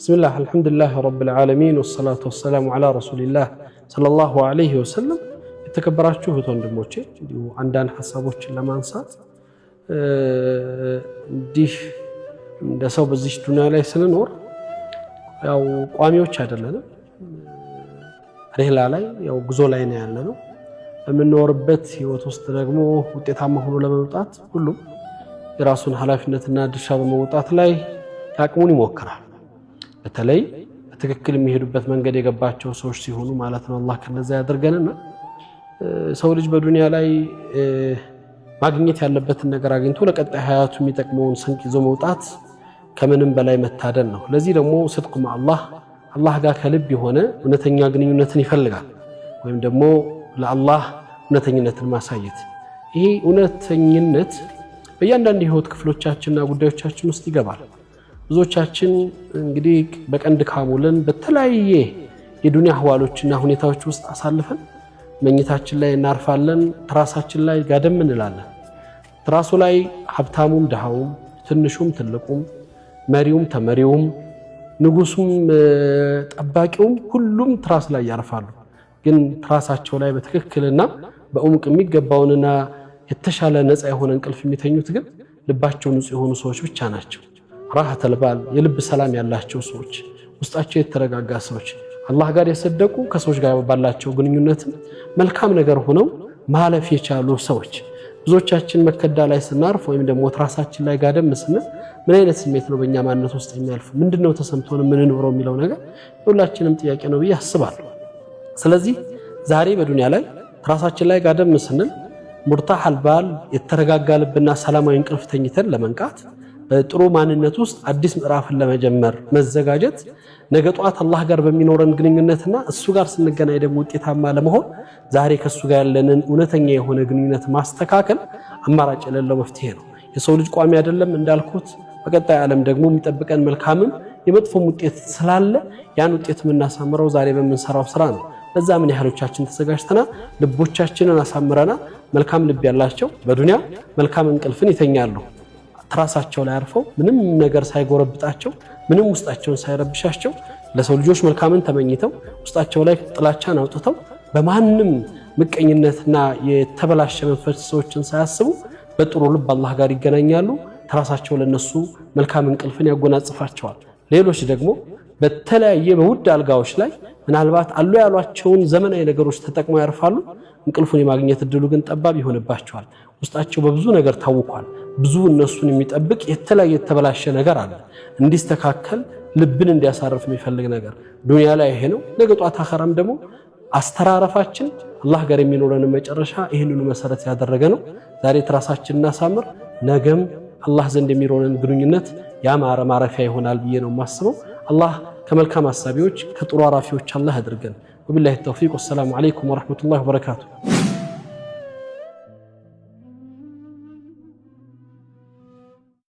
ብስሚላህ አልሐምዱሊላህ ረብል ዓለሚን ወሰላቱ ወሰላሙ ዓላ ረሱሊላህ ሰለላሁ ዓለይሂ ወሰለም። የተከበራችሁ እህት ወንድሞቼ እንዲሁ አንዳንድ ሀሳቦችን ለማንሳት እንዲህ እንደ ሰው በዚች ዱኒያ ላይ ስንኖር ያው ቋሚዎች አይደለንም። ሬህላ ላይ ያው ጉዞ ላይ ነው ያለ ነው። በምንኖርበት ህይወት ውስጥ ደግሞ ውጤታማ ሆኖ ለመምጣት ሁሉም የራሱን ኃላፊነትና ድርሻ በመውጣት ላይ አቅሙን ይሞክራል። በተለይ በትክክል የሚሄዱበት መንገድ የገባቸው ሰዎች ሲሆኑ ማለት ነው። አላህ ከነዛ ያደርገንና ሰው ልጅ በዱንያ ላይ ማግኘት ያለበትን ነገር አግኝቶ ለቀጣይ ሀያቱ የሚጠቅመውን ስንቅ ይዞ መውጣት ከምንም በላይ መታደል ነው። ለዚህ ደግሞ ስድቅ ማአላህ አላህ ጋር ከልብ የሆነ እውነተኛ ግንኙነትን ይፈልጋል። ወይም ደግሞ ለአላህ እውነተኝነትን ማሳየት። ይሄ እውነተኝነት በእያንዳንድ የህይወት ክፍሎቻችንና ጉዳዮቻችን ውስጥ ይገባል። ብዙዎቻችን እንግዲህ በቀንድ ካሙለን በተለያየ የዱንያ አህዋሎችና ሁኔታዎች ውስጥ አሳልፈን መኝታችን ላይ እናርፋለን። ትራሳችን ላይ ጋደም እንላለን። ትራሱ ላይ ሀብታሙም ድሃውም፣ ትንሹም ትልቁም፣ መሪውም ተመሪውም፣ ንጉሱም ጠባቂውም ሁሉም ትራስ ላይ ያርፋሉ። ግን ትራሳቸው ላይ በትክክልና በእሙቅ የሚገባውንና የተሻለ ነፃ የሆነ እንቅልፍ የሚተኙት ግን ልባቸው ንጹህ የሆኑ ሰዎች ብቻ ናቸው። ራህት አልባል የልብ ሰላም ያላቸው ሰዎች፣ ውስጣቸው የተረጋጋ ሰዎች፣ አላህ ጋር የሰደቁ ከሰዎች ጋር ባላቸው ግንኙነትም መልካም ነገር ሆነው ማለፍ የቻሉ ሰዎች። ብዙዎቻችን መከዳ ላይ ስናርፍ ወይም ደግሞ ራሳችን ላይ ጋደም ስንል ምን አይነት ስሜት ነው በእኛ ማንነት ውስጥ የሚያልፉ ምንድን ነው ተሰምቶን የምንኖረው የሚለው ነገር የሁላችንም ጥያቄ ነው ብዬ አስባለሁ። ስለዚህ ዛሬ በዱንያ ላይ ራሳችን ላይ ጋደም ስንል ሙርታህ አልባል የተረጋጋ ልብና ሰላማዊ እንቅልፍ ተኝተን ለመንቃት ጥሩ ማንነት ውስጥ አዲስ ምዕራፍን ለመጀመር መዘጋጀት ነገ ጠዋት አላህ ጋር በሚኖረን ግንኙነትና እሱ ጋር ስንገናኝ ደግሞ ውጤታማ ለመሆን ዛሬ ከእሱ ጋር ያለንን እውነተኛ የሆነ ግንኙነት ማስተካከል አማራጭ የሌለው መፍትሄ ነው። የሰው ልጅ ቋሚ አይደለም እንዳልኩት። በቀጣይ ዓለም ደግሞ የሚጠብቀን መልካምም የመጥፎም ውጤት ስላለ ያን ውጤት የምናሳምረው ዛሬ በምንሰራው ስራ ነው። በዛ ምን ያህሎቻችን ተዘጋጅተና ልቦቻችንን አሳምረና መልካም ልብ ያላቸው በዱንያ መልካም እንቅልፍን ይተኛሉ። ትራሳቸው ላይ አርፈው ምንም ነገር ሳይጎረብጣቸው ምንም ውስጣቸውን ሳይረብሻቸው ለሰው ልጆች መልካምን ተመኝተው ውስጣቸው ላይ ጥላቻን አውጥተው በማንም ምቀኝነትና የተበላሸ መንፈስ ሰዎችን ሳያስቡ በጥሩ ልብ አላህ ጋር ይገናኛሉ። ትራሳቸው ለነሱ መልካም እንቅልፍን ያጎናጽፋቸዋል። ሌሎች ደግሞ በተለያየ በውድ አልጋዎች ላይ ምናልባት አሉ ያሏቸውን ዘመናዊ ነገሮች ተጠቅመው ያርፋሉ። እንቅልፉን የማግኘት እድሉ ግን ጠባብ ይሆንባቸዋል። ውስጣቸው በብዙ ነገር ታውኳል። ብዙ እነሱን የሚጠብቅ የተለያየ የተበላሸ ነገር አለ። እንዲስተካከል ልብን እንዲያሳርፍ የሚፈልግ ነገር ዱንያ ላይ ይሄ ነው። ነገ ጧት አኸራም ደግሞ አስተራረፋችን አላህ ጋር የሚኖረን መጨረሻ ይህንኑ መሰረት ያደረገ ነው። ዛሬ ትራሳችን እናሳምር፣ ነገም አላህ ዘንድ የሚኖረን ግንኙነት ያማረ ማረፊያ ይሆናል ብዬ ነው የማስበው። አላህ ከመልካም አሳቢዎች ከጥሩ አራፊዎች አላህ ያድርገን። ወቢላሂ ተውፊቅ። ወሰላሙ አለይኩም ወረሕመቱላሂ ወበረካቱ።